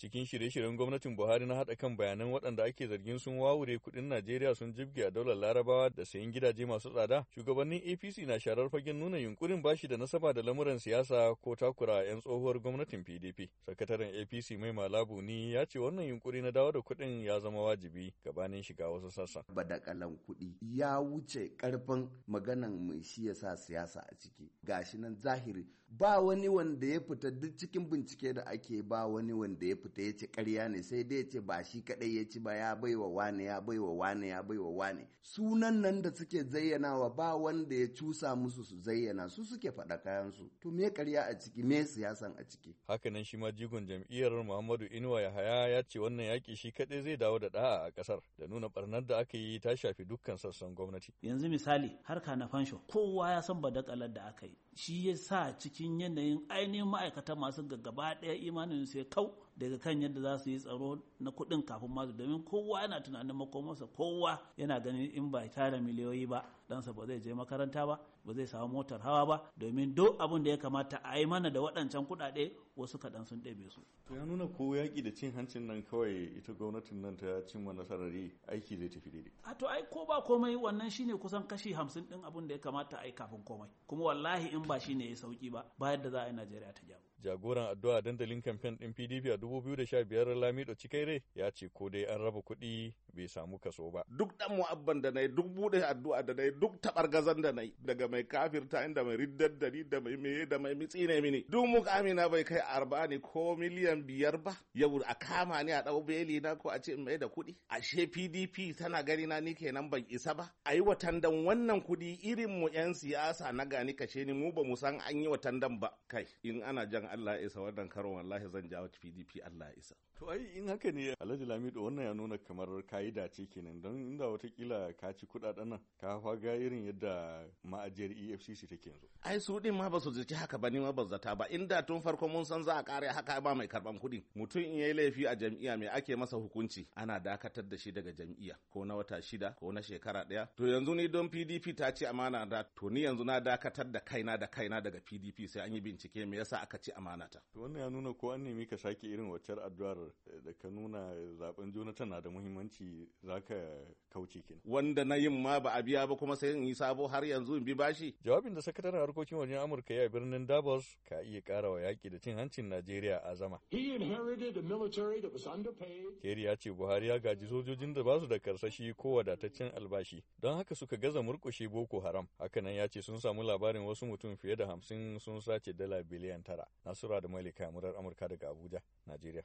cikin shirye-shiryen gwamnatin Buhari na haɗa kan bayanan waɗanda ake zargin sun wawure kuɗin Najeriya sun jibge a daular Larabawa da sayan gidaje masu tsada, shugabannin APC na sharar fagen nuna yunkurin bashi da nasaba da lamuran siyasa ko takura a 'yan tsohuwar gwamnatin PDP. Sakataren APC mai malabu ni ya ce wannan yunkuri na dawo da kuɗin ya zama wajibi gabanin shiga wasu sassan. Badakalan kuɗi ya wuce ƙarfin maganan mai shi ya sa siyasa a ciki. Gashi nan zahiri ba wani wanda ya fita duk cikin bincike da ake ba wani wanda ya fita ya ce karya ne sai dai ya ce ba shi kaɗai ya ci ba ya baiwa wane ya baiwa wane ya baiwa wane sunan nan da suke zayyanawa ba wanda ya cusa musu su zayyana su suke faɗa kayansu to me karya a ciki me siyasan a ciki haka nan shi ma jigon jam'iyyar Muhammadu Inuwa Yahaya ya ce wannan yaki shi kaɗai zai dawo da ɗa'a a ƙasar da nuna barnar da aka yi ta shafi dukkan sassan gwamnati yanzu misali harka na fansho kowa ya san badakalar da aka yi shi ya sa ciki cikin yanayin ainihin ma'aikata masu gaba ɗaya imanin sai kau daga kan yadda za su yi tsaro na kuɗin kafin masu domin kowa yana tunanin makomarsa kowa yana ganin in ba tara miliyoyi ba ɗansa ba zai je makaranta ba ba zai samu motar hawa ba domin duk abin da ya kamata a yi mana da waɗancan kuɗaɗe wasu kaɗan sun ɗebe su. To ya nuna ko yaƙi da cin hancin nan kawai ita gwamnatin nan ta cimma nasarar aiki zai tafi daidai. A to ai ko ba komai wannan shine kusan kashi hamsin ɗin abun da ya kamata a yi kafin komai. Kuma wallahi in ba shine ya sauki ba bayan da za a yi Najeriya ta jabu. Jagoran addu'a dandalin kamfen ɗin PDP a dubu biyu da sha da Lamido Cikaire ya ce ko dai an raba kuɗi bai samu kaso ba duk dan mu'abban da na nayi duk buɗe addu'a da nayi duk gazan da nayi daga mai kafirta inda mai riddar da ni da mai meye da mai mitsi ne mini duk mu bai kai arba ne ko miliyan biyar ba yau a kama ni a dau beli na ko a ce in mai da kuɗi ashe PDP tana gani na ni kenan ban isa ba ayi watan dan wannan kuɗi irin mu yan siyasa na gani kashe ni mu ba mu san an yi watan dan ba kai in ana jan Allah ya isa wannan karon wallahi zan jawo PDP Allah ya isa to ai in haka ne Alhaji Lamido wannan ya nuna kamar kai fa'ida ce kenan don inda watakila ka ci kudaden nan ka faga irin yadda ma'ajiyar efcc ta ke yanzu ai su din ma ba su zaci haka ba ni ma ba zata ba inda tun farko mun san za a kare haka ba mai karban kudi mutum in yayi laifi a jam'iyya mai ake masa hukunci ana dakatar da shi daga jam'iyya ko na wata shida ko na shekara daya to yanzu ni don pdp ta ce amana da to ni yanzu na dakatar da kaina da kaina daga pdp sai an yi bincike me yasa aka ci amana amanata wannan ya nuna ko an nemi ka sake irin waccar addu'ar eh, da ka nuna zaben jonathan na da muhimmanci za ka kauce kenan wanda na yin ma ba a biya ba kuma sai in yi sabo har yanzu in bi bashi jawabin da sakataren harkokin wajen amurka ya birnin davos ka iya kara wa yaƙi da cin hancin najeriya azama keri ya ce buhari ya gaji sojojin da basu da karsashi ko wadataccen albashi don haka suka gaza murkushe boko haram hakanan ya ce sun samu labarin wasu mutum fiye da hamsin sun sace dala biliyan tara nasura da malika murar amurka daga abuja najeriya